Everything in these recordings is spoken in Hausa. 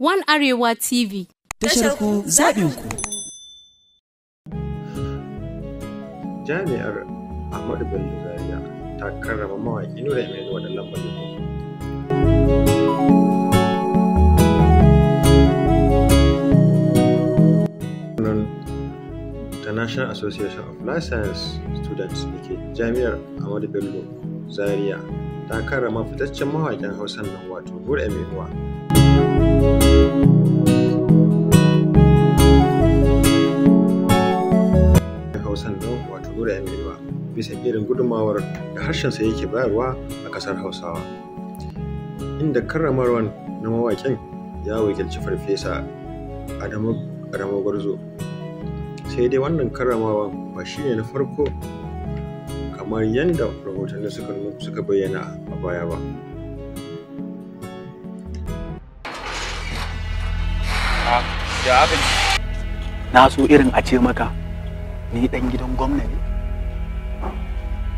One Arewa TV. Tashar ku zaɓin ku. Jami'ar Ahmadu Bello Zaria ta karrama mawaƙi Nura Emmanuel da lambar ta National Association of Life Science Students da ke Jami'ar Ahmadu Bello Zaria ta karrama fitaccen mawaƙin Hausa nan wato Nura Emmanuel Hausan nan wato Nura Yaminuwa bisa irin gudunmawar da harshensa yake bayarwa a ƙasar Hausawa. Inda karramarwan na mawaƙin ya wakilci farfesa Adamu Gwarzo. Sai dai wannan karramawa ba shi ne na farko kamar yadda rahotanni suka bayyana a baya ba. ya haka na so irin a ce maka ni dan gidan gwamna ne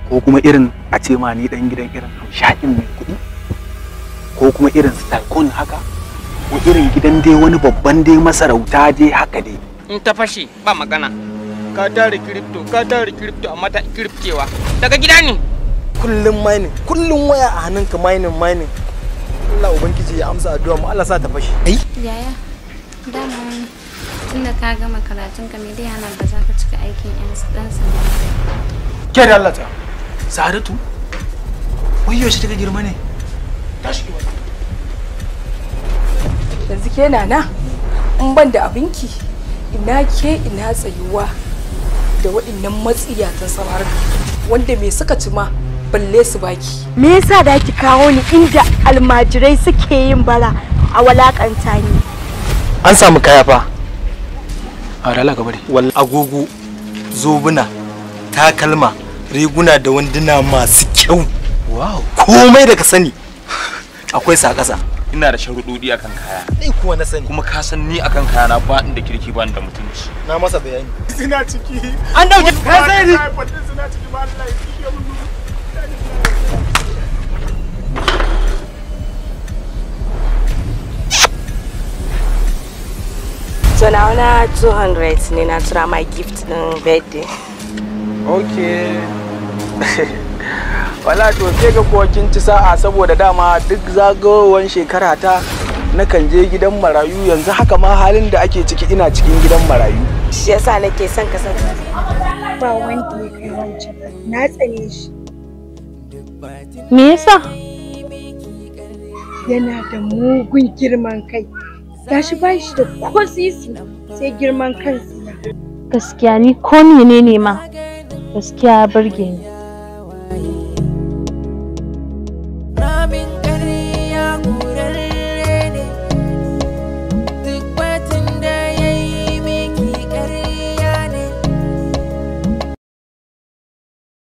ko kuma irin a ce ma ni dan gidan irin hamshakin mai kuɗi ko kuma irin stalkon haka ko irin gidan dai wani babban dai masarauta dai haka dai in ta fashe ba magana ka tare kiripto ka tare kiripto amma ta kiriptewa daga gida ne kullum mining kullum waya a hannunka mining mining Allah ubangiji ya amsa addu'a mu Allah sa ta fashe ai yaya daman tunda ka gama karatun ka me dai ba za ka cika aikin yan dan sanda ke da Allah ta Sa'adatu wai shi take girma ne tashi ki yanzu ke nana in ban da abinki ina ke ina tsayuwa da waɗannan matsiyatan samar wanda me suka ci ma balle su baki me yasa da ki kawo ni inda almajirai suke yin bara a walakanta ni an samu kaya fa a dala ka bari agogo zobuna takalma riguna da wanduna masu kyau wow komai da ka sani akwai sa kasa ina da sharuɗoɗi akan kaya ni kuwa na sani kuma ka san ni akan kaya na ba inda kirki ba inda mutunci na masa bayani zina ciki an dauke ka sai ni zina ciki ba Allah ya so na wana 200 ne na tura my gift din birthday okay wala to sai ga kuwa kin ci sa'a saboda dama duk zagawowar shekara ta na kan je gidan marayu yanzu haka ma halin da ake ciki ina cikin gidan marayu shi yasa nake son ka san ba wanda ya kai wancan na tsane shi me yasa yana da mugun girman kai gashi ba shi da ko sisi sai girman kansa gaskiya ni ko menene ma gaskiya burge ni